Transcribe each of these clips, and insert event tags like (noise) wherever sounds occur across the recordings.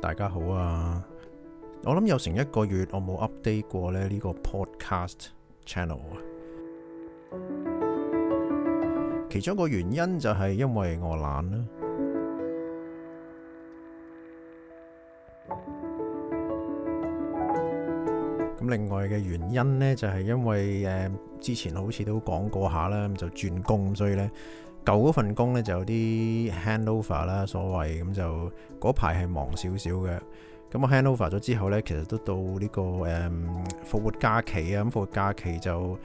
大家好啊！我諗有成一個月我冇 update 過呢個 podcast channel 啊。其中一個原因就係因為我懶啦。咁另外嘅原因呢，就係因為誒之前好似都講過下啦，咁就轉工，所以呢。舊嗰份工呢就有啲 handover 啦，所謂咁就嗰排係忙少少嘅。咁我 handover 咗之後呢，其實都到呢個誒復活假期啊。咁復活假期就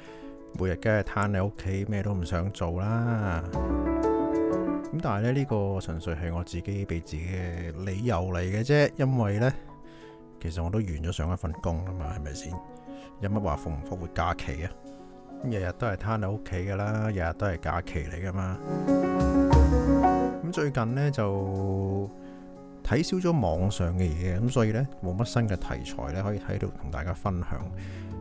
每日梗係癱喺屋企，咩都唔想做啦。咁但係咧呢個純粹係我自己俾自己嘅理由嚟嘅啫，因為呢，其實我都完咗上一份工啊嘛，係咪先？有乜話復唔復活假期啊？日日都係攤喺屋企噶啦，日日都係假期嚟噶嘛。咁最近呢，就睇少咗網上嘅嘢，咁所以呢，冇乜新嘅題材呢可以喺度同大家分享。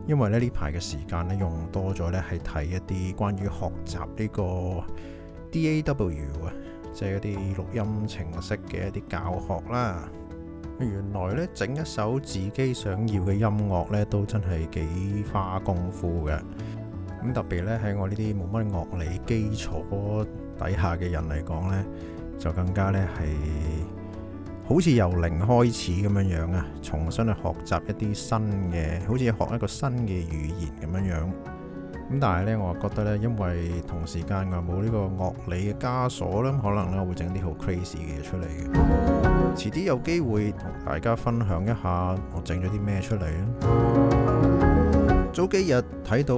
因為呢呢排嘅時間呢，用多咗呢係睇一啲關於學習呢個 DAW 啊，即係一啲錄音程式嘅一啲教學啦。原來呢，整一首自己想要嘅音樂呢，都真係幾花功夫嘅。咁特別咧，喺我呢啲冇乜樂理基礎底下嘅人嚟講咧，就更加咧係好似由零開始咁樣樣啊，重新去學習一啲新嘅，好似學一個新嘅語言咁樣樣。咁但係咧，我覺得咧，因為同時間又冇呢個樂理嘅枷鎖啦，可能咧會整啲好 crazy 嘅嘢出嚟嘅。遲啲有機會同大家分享一下，我整咗啲咩出嚟啊！早幾日睇到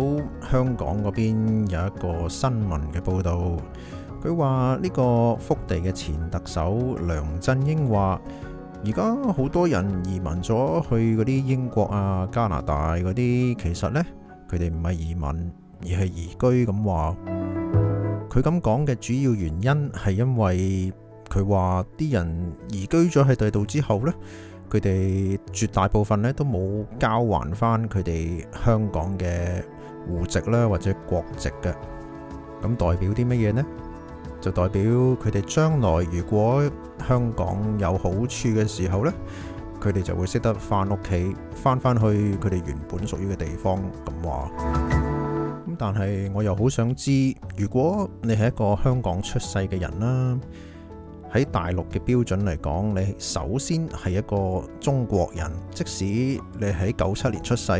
香港嗰邊有一個新聞嘅報道，佢話呢個福地嘅前特首梁振英話，而家好多人移民咗去嗰啲英國啊、加拿大嗰啲，其實呢，佢哋唔係移民，而係移居咁話。佢咁講嘅主要原因係因為佢話啲人移居咗喺第度之後呢。佢哋絕大部分咧都冇交還翻佢哋香港嘅戶籍啦，或者國籍嘅。咁代表啲乜嘢呢？就代表佢哋將來如果香港有好處嘅時候呢，佢哋就會識得翻屋企，翻翻去佢哋原本屬於嘅地方咁話。咁但係我又好想知，如果你係一個香港出世嘅人啦。喺大陸嘅標準嚟講，你首先係一個中國人，即使你喺九七年出世，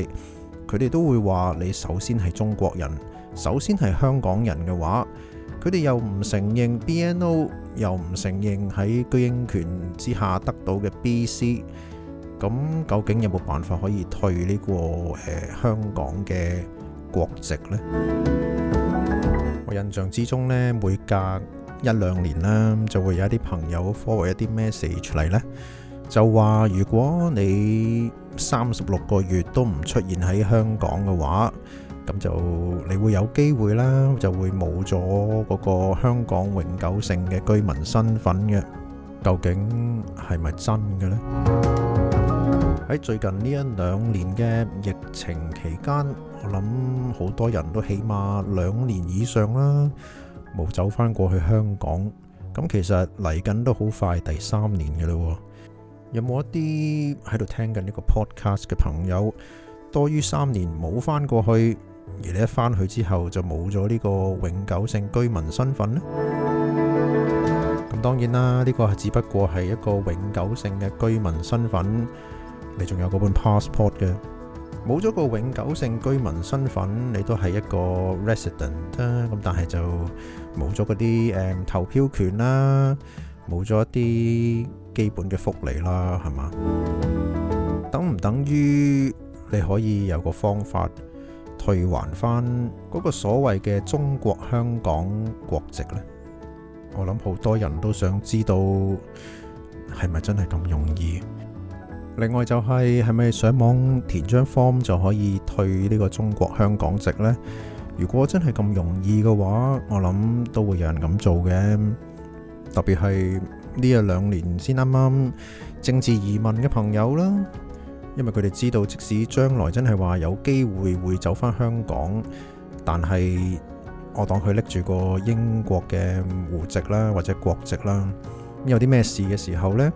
佢哋都會話你首先係中國人，首先係香港人嘅話，佢哋又唔承認 BNO，又唔承認喺居英權之下得到嘅 BC，咁究竟有冇辦法可以退呢個誒香港嘅國籍呢？我印象之中呢，每隔一兩年啦，就會有一啲朋友 forward 一啲 message 出嚟呢，就話如果你三十六個月都唔出現喺香港嘅話，咁就你會有機會啦，就會冇咗嗰個香港永久性嘅居民身份嘅。究竟係咪真嘅呢？喺最近呢一兩年嘅疫情期間，我諗好多人都起碼兩年以上啦。.冇走返過去香港，咁其實嚟緊都好快第三年嘅嘞。有冇一啲喺度聽緊呢個 podcast 嘅朋友，多於三年冇返過去，而你一返去之後就冇咗呢個永久性居民身份咧？咁當然啦，呢、呢個係只不過係一個永久性嘅居民身份，你仲有嗰本 passport 嘅。冇咗個永久性居民身份，你都係一個 resident 啦。咁但係就冇咗嗰啲誒投票權啦，冇咗一啲基本嘅福利啦，係嘛？等唔等於你可以有個方法退還翻嗰個所謂嘅中國香港國籍呢？我諗好多人都想知道係咪真係咁容易？另外就係係咪上網填張 form 就可以退呢個中國香港籍呢？如果真係咁容易嘅話，我諗都會有人咁做嘅。特別係呢一兩年先啱啱政治移民嘅朋友啦，因為佢哋知道即使將來真係話有機會會走返香港，但係我當佢拎住個英國嘅戶籍啦或者國籍啦，有啲咩事嘅時候呢？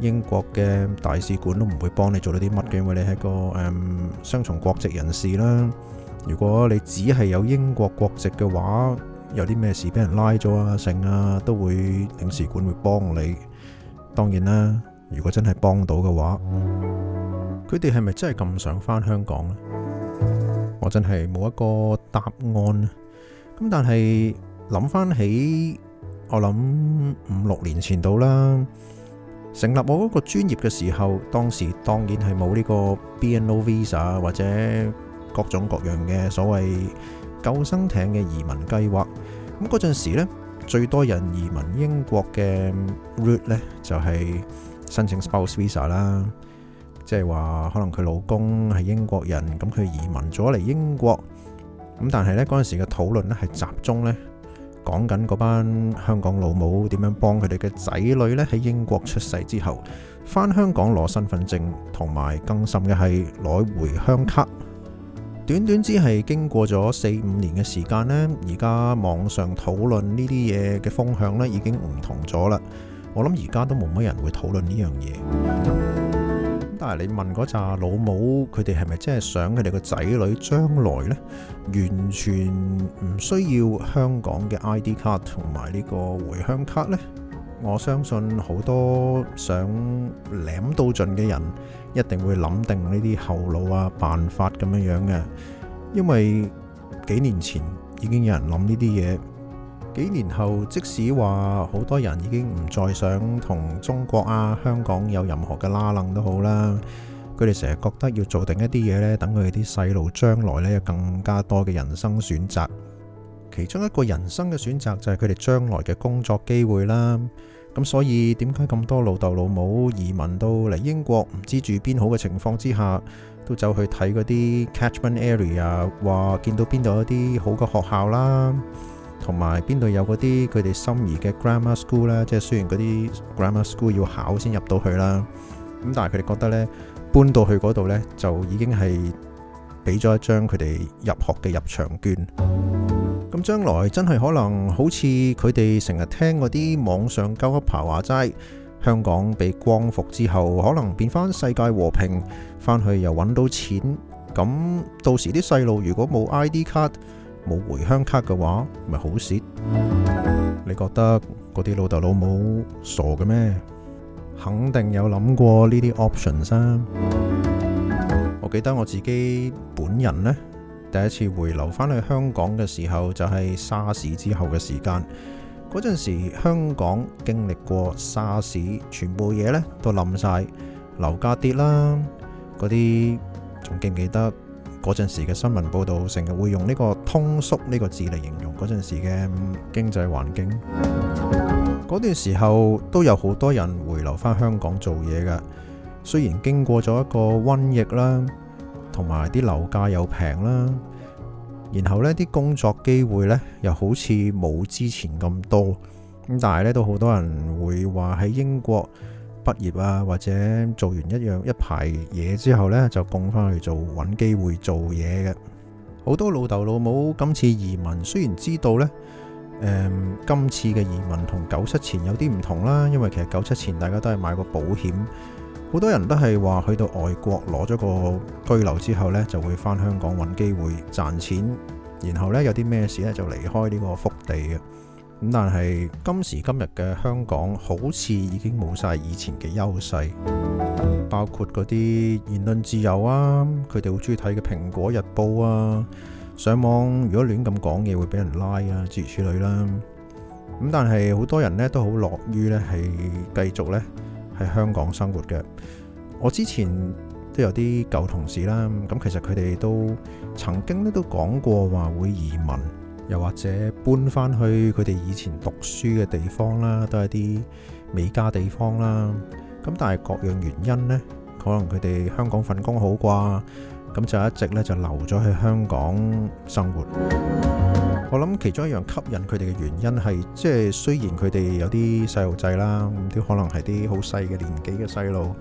英國嘅大使館都唔會幫你做到啲乜嘅，因為你係個誒、嗯、雙重國籍人士啦。如果你只係有英國國籍嘅話，有啲咩事俾人拉咗啊、剩啊，都會領事館會幫你。當然啦，如果真係幫到嘅話，佢哋係咪真係咁想返香港咧？我真係冇一個答案。咁但係諗翻起，我諗五六年前到啦。成立我嗰個專業嘅時候，當時當然係冇呢個 BNO visa 或者各種各樣嘅所謂救生艇嘅移民計劃。咁嗰陣時呢，最多人移民英國嘅 route 呢，就係申請 spouse visa 啦，即係話可能佢老公係英國人，咁佢移民咗嚟英國。咁但係呢，嗰陣時嘅討論呢係集中呢。講緊嗰班香港老母點樣幫佢哋嘅仔女呢？喺英國出世之後，返香港攞身份證同埋更甚嘅係攞回鄉卡。短短只係經過咗四五年嘅時間呢，而家網上討論呢啲嘢嘅風向呢已經唔同咗啦。我諗而家都冇乜人會討論呢樣嘢。但係你問嗰紮老母，佢哋係咪真係想佢哋個仔女將來呢？完全唔需要香港嘅 ID 卡同埋呢個回鄉卡呢？我相信好多想攬到盡嘅人，一定會諗定呢啲後路啊、辦法咁樣樣嘅，因為幾年前已經有人諗呢啲嘢。幾年後，即使話好多人已經唔再想同中國啊、香港有任何嘅拉楞都好啦，佢哋成日覺得要做定一啲嘢呢，等佢哋啲細路將來呢有更加多嘅人生選擇。其中一個人生嘅選擇就係佢哋將來嘅工作機會啦。咁所以點解咁多老豆老母移民到嚟英國，唔知住邊好嘅情況之下，都走去睇嗰啲 catchment area，話見到邊度一啲好嘅學校啦。同埋邊度有嗰啲佢哋心儀嘅 grammar school 咧，即係雖然嗰啲 grammar school 要考先入到去啦，咁但係佢哋覺得呢搬到去嗰度呢，就已經係俾咗一張佢哋入學嘅入場券。咁將來真係可能好似佢哋成日聽嗰啲網上交一排話齋，香港被光復之後，可能變翻世界和平，翻去又揾到錢。咁到時啲細路如果冇 ID 卡，冇回鄉卡嘅話，咪好蝕。你覺得嗰啲老豆老母傻嘅咩？肯定有諗過呢啲 options。我記得我自己本人呢，第一次回流返去香港嘅時候，就係沙士之後嘅時間。嗰陣時香港經歷過沙士，全部嘢呢都冧晒，樓價跌啦，嗰啲仲記唔記得？嗰陣時嘅新聞報道成日會用呢個通縮呢個字嚟形容嗰陣時嘅經濟環境。嗰段時候都有好多人回流返香港做嘢㗎。雖然經過咗一個瘟疫啦，同埋啲樓價又平啦，然後呢啲工作機會呢又好似冇之前咁多。咁但係呢，都好多人會話喺英國。畢業啊，或者做完一樣一排嘢之後呢，就供翻去做，搵機會做嘢嘅。好多老豆老母今次移民，雖然知道呢，嗯、今次嘅移民同九七前有啲唔同啦，因為其實九七前大家都係買過保險，好多人都係話去到外國攞咗個居留之後呢，就會返香港搵機會賺錢，然後呢，有啲咩事呢，就離開呢個福地嘅。咁但係今時今日嘅香港好似已經冇晒以前嘅優勢，包括嗰啲言論自由啊、佢哋好中意睇嘅《蘋果日報》啊、上網如果亂咁講嘢會俾人拉啊，諸如此類啦啊。咁但係好多人呢都好樂於呢係繼續呢喺香港生活嘅。我之前都有啲舊同事啦，咁其實佢哋都曾經呢都講過話會移民。又或者搬翻去佢哋以前讀書嘅地方啦，都係啲美加地方啦。咁但係各樣原因呢，可能佢哋香港份工好啩，咁就一直咧就留咗喺香港生活。 (music) 我諗其中一樣吸引佢哋嘅原因係，即係雖然佢哋有啲細路仔啦，咁都可能係啲好細嘅年紀嘅細路。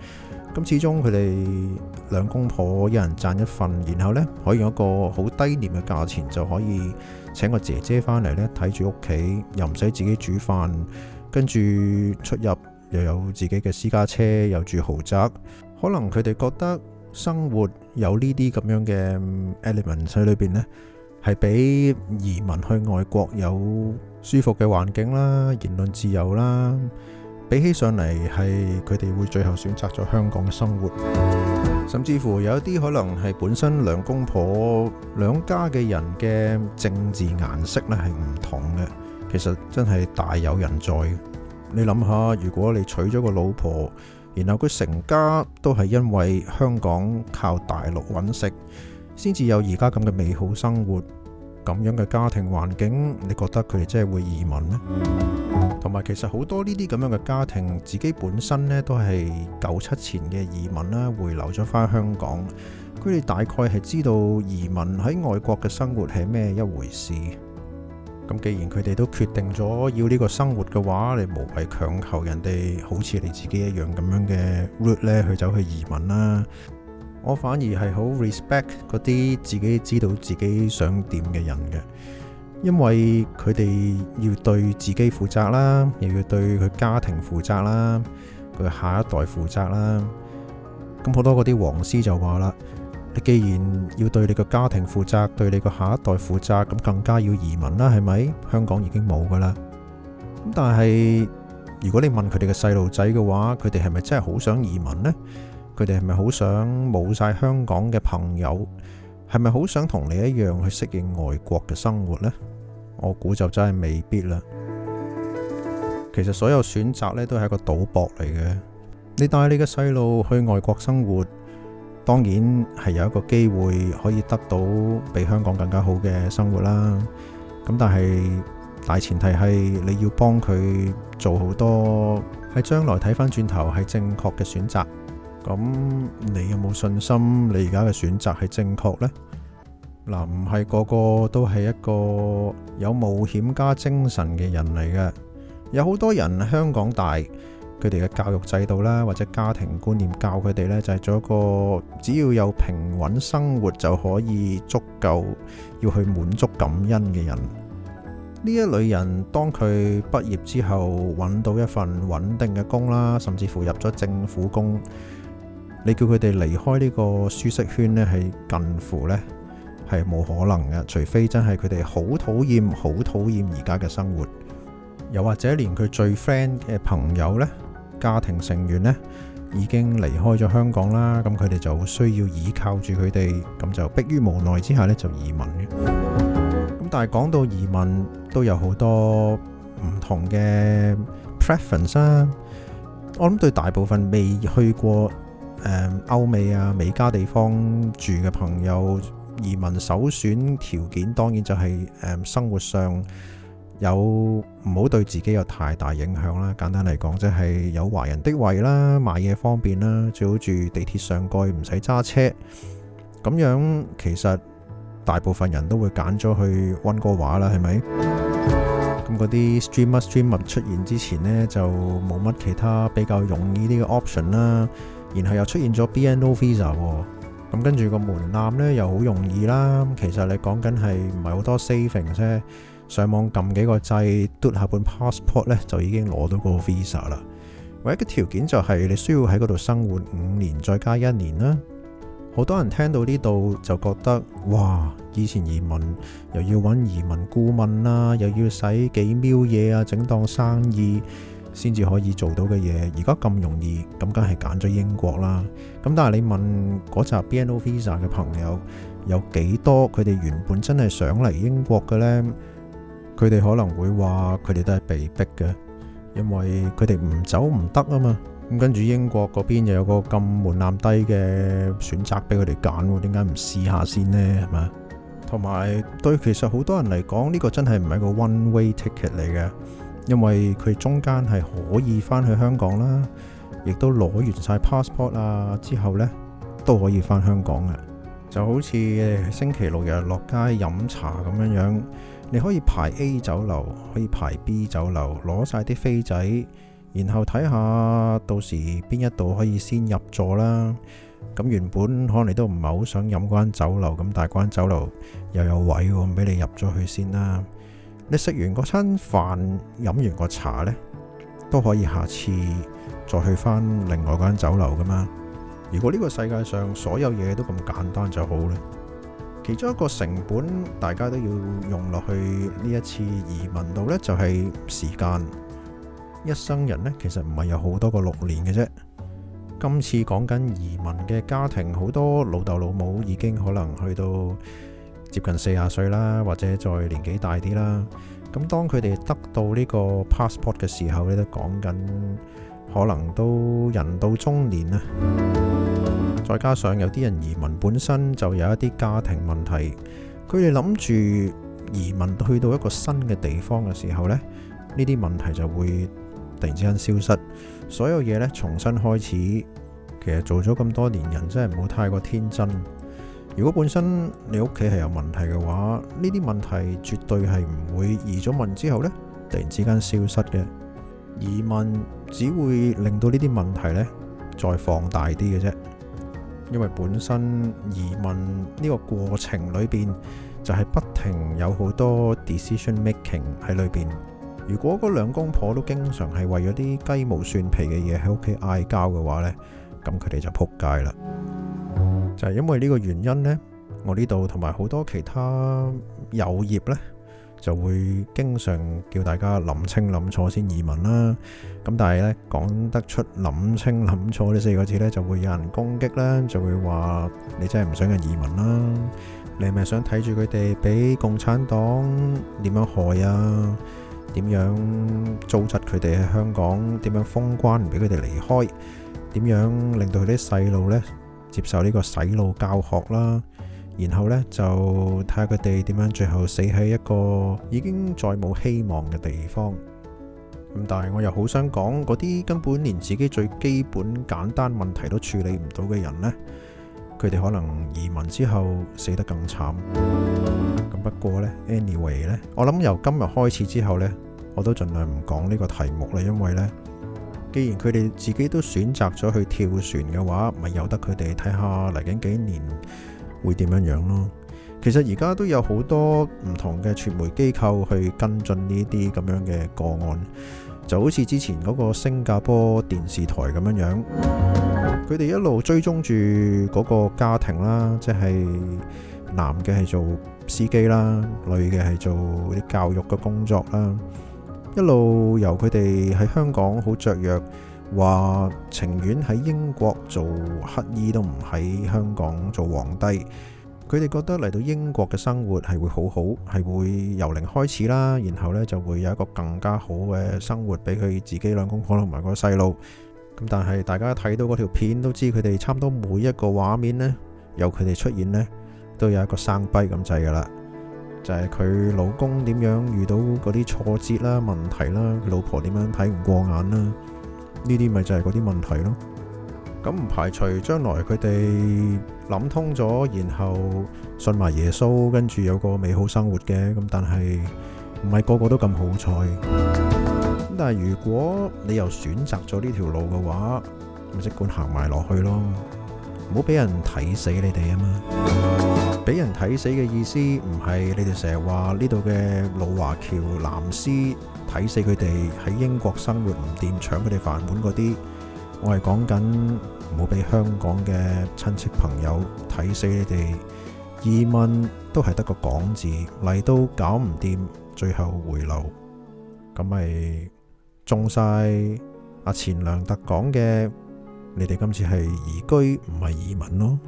咁始終佢哋兩公婆一人賺一份，然後呢可以用一個好低廉嘅價錢就可以。請個姐姐返嚟呢，睇住屋企，又唔使自己煮飯，跟住出入又有自己嘅私家車，又住豪宅，可能佢哋覺得生活有呢啲咁樣嘅 element 喺裏邊咧，係比移民去外國有舒服嘅環境啦、言論自由啦。比起上嚟，係佢哋會最後選擇咗香港嘅生活，甚至乎有啲可能係本身兩公婆兩家嘅人嘅政治顏色呢係唔同嘅。其實真係大有人在。你諗下，如果你娶咗個老婆，然後佢成家都係因為香港靠大陸揾食，先至有而家咁嘅美好生活。咁樣嘅家庭環境，你覺得佢哋真係會移民咩？同埋其實好多呢啲咁樣嘅家庭，自己本身呢都係九七前嘅移民啦，回流咗返香港。佢哋大概係知道移民喺外國嘅生活係咩一回事。咁既然佢哋都決定咗要呢個生活嘅話，你無謂強求人哋好似你自己一樣咁樣嘅 route 呢去走去移民啦。我反而係好 respect 嗰啲自己知道自己想點嘅人嘅，因為佢哋要對自己負責啦，又要對佢家庭負責啦，佢下一代負責啦。咁好多嗰啲黃絲就話啦，你既然要對你個家庭負責，對你個下一代負責，咁更加要移民啦，係咪？香港已經冇噶啦。但係如果你問佢哋嘅細路仔嘅話，佢哋係咪真係好想移民呢？佢哋係咪好想冇晒香港嘅朋友？係咪好想同你一樣去適應外國嘅生活呢？我估就真係未必啦。其實所有選擇呢都係一個賭博嚟嘅。你帶你嘅細路去外國生活，當然係有一個機會可以得到比香港更加好嘅生活啦。咁但係大前提係你要幫佢做好多，喺將來睇返轉頭係正確嘅選擇。咁你有冇信心？你而家嘅選擇係正確呢？嗱、啊，唔係個個都係一個有冒險家精神嘅人嚟嘅。有好多人香港大，佢哋嘅教育制度啦，或者家庭觀念教佢哋呢，就係做一個只要有平穩生活就可以足夠要去滿足感恩嘅人。呢一類人，當佢畢業之後揾到一份穩定嘅工啦，甚至乎入咗政府工。.你叫佢哋離開呢個舒適圈呢，係近乎呢，係冇可能嘅，除非真係佢哋好討厭、好討厭而家嘅生活，又或者連佢最 friend 嘅朋友呢，家庭成員呢，已經離開咗香港啦，咁佢哋就需要倚靠住佢哋，咁就迫於無奈之下呢，就移民嘅。咁但係講到移民都有好多唔同嘅 preference 啊，我諗對大部分未去過。誒，歐美啊，美加地方住嘅朋友移民首選條件，當然就係嗯，生活上有唔好對自己有太大影響啦。簡單嚟講，即係有華人的位啦，買嘢方便啦，最好住地鐵上蓋，唔使揸車咁樣。其實大部分人都會揀咗去温哥華啦，係咪？咁嗰啲 streamer streamer 出現之前呢，就冇乜其他比較容易啲嘅 option 啦。然後又出現咗 BNO visa 喎，咁跟住個門檻咧又好容易啦。其實你講緊係唔係好多 saving 啫，上網撳幾個掣，篤下本 passport 咧就已經攞到個 visa 啦。唯一嘅條件就係你需要喺嗰度生活五年再加一年啦。好多人聽到呢度就覺得哇，以前移民又要揾移民顧問啦，又要使幾秒嘢啊，整檔生意。先至可以做到嘅嘢，而家咁容易，咁梗係揀咗英國啦。咁但係你問嗰啲 BNO Visa 嘅朋友有幾多，佢哋原本真係想嚟英國嘅呢？佢哋可能會話佢哋都係被逼嘅，因為佢哋唔走唔得啊嘛。咁跟住英國嗰邊又有個咁門檻低嘅選擇俾佢哋揀，點解唔試下先呢？係嘛。同埋對其實好多人嚟講，呢個真係唔係一個 one way ticket 嚟嘅。因為佢中間係可以返去香港啦，亦都攞完晒 passport 啦，之後呢都可以返香港嘅。就好似星期六一日落街飲茶咁樣樣，你可以排 A 酒樓，可以排 B 酒樓，攞晒啲飛仔，然後睇下到時邊一度可以先入座啦。咁原本可能你都唔係好想飲嗰間酒樓，咁但係嗰間酒樓又有位喎，唔俾你入咗去先啦。你食完嗰餐飯，飲完個茶呢，都可以下次再去返另外嗰間酒樓噶嘛。如果呢個世界上所有嘢都咁簡單就好啦。其中一個成本，大家都要用落去呢一次移民度呢，就係時間。一生人呢，其實唔係有好多個六年嘅啫。今次講緊移民嘅家庭，好多老豆老母已經可能去到，接近四十歲啦，或者再年紀大啲啦。咁當佢哋得到呢個 passport 嘅時候，呢都講緊可能都人到中年啦。再加上有啲人移民本身就有一啲家庭問題，佢哋諗住移民去到一個新嘅地方嘅時候呢，呢啲問題就會突然之間消失，所有嘢呢，重新開始。其實做咗咁多年人，真係唔好太過天真。如果本身你屋企係有問題嘅話，呢啲問題絕對係唔會移咗民之後呢，突然之間消失嘅。移民只會令到呢啲問題呢再放大啲嘅啫。因為本身移民呢個過程裏邊，就係、是、不停有好多 decision making 喺裏邊。如果嗰兩公婆都經常係為咗啲雞毛蒜皮嘅嘢喺屋企嗌交嘅話呢，咁佢哋就仆街啦。就係因為呢個原因呢，我呢度同埋好多其他友業呢，就會經常叫大家諗清諗楚先移民啦。咁但係呢，講得出諗清諗楚呢四個字呢，就會有人攻擊啦，就會話你真係唔想人移民啦，你係咪想睇住佢哋俾共產黨點樣害啊，點樣糟質佢哋喺香港，點樣封關唔俾佢哋離開，點樣令到佢啲細路呢接受呢個洗腦教學啦，然後呢就睇下佢哋點樣最後死喺一個已經再冇希望嘅地方。咁但係我又好想講嗰啲根本連自己最基本簡單問題都處理唔到嘅人呢，佢哋可能移民之後死得更慘。不過呢，anyway 呢，我諗由今日開始之後呢，我都盡量唔講呢個題目啦，因為呢。既然佢哋自己都選擇咗去跳船嘅話，咪由得佢哋睇下嚟緊幾年會點樣樣咯。其實而家都有好多唔同嘅傳媒機構去跟進呢啲咁樣嘅個案，就好似之前嗰個新加坡電視台咁樣樣，佢哋一路追蹤住嗰個家庭啦，即係男嘅係做司機啦，女嘅係做啲教育嘅工作啦。一路由佢哋喺香港好雀躍，話情願喺英國做乞兒都唔喺香港做皇帝。佢哋覺得嚟到英國嘅生活係會好好，係會由零開始啦，然後咧就會有一個更加好嘅生活俾佢自己兩公婆同埋個細路。咁但係大家睇到嗰條片都知，佢哋差唔多每一個畫面咧，由佢哋出現咧，都有一個生悲咁滯噶啦。就係佢老公點樣遇到嗰啲挫折啦、問題啦，佢老婆點樣睇唔過眼啦，呢啲咪就係嗰啲問題咯。咁唔排除將來佢哋諗通咗，然後信埋耶穌，跟住有個美好生活嘅。咁但係唔係個個都咁好彩。咁但係如果你又選擇咗呢條路嘅話，咪即管行埋落去咯，唔好俾人睇死你哋啊嘛。俾人睇死嘅意思唔係你哋成日話呢度嘅老華僑藍絲睇死佢哋喺英國生活唔掂搶佢哋飯碗嗰啲，我係講緊唔好俾香港嘅親戚朋友睇死你哋移民都係得個港字，嚟到搞唔掂，最後回流咁咪中晒阿錢良德講嘅，你哋今次係移居唔係移民咯。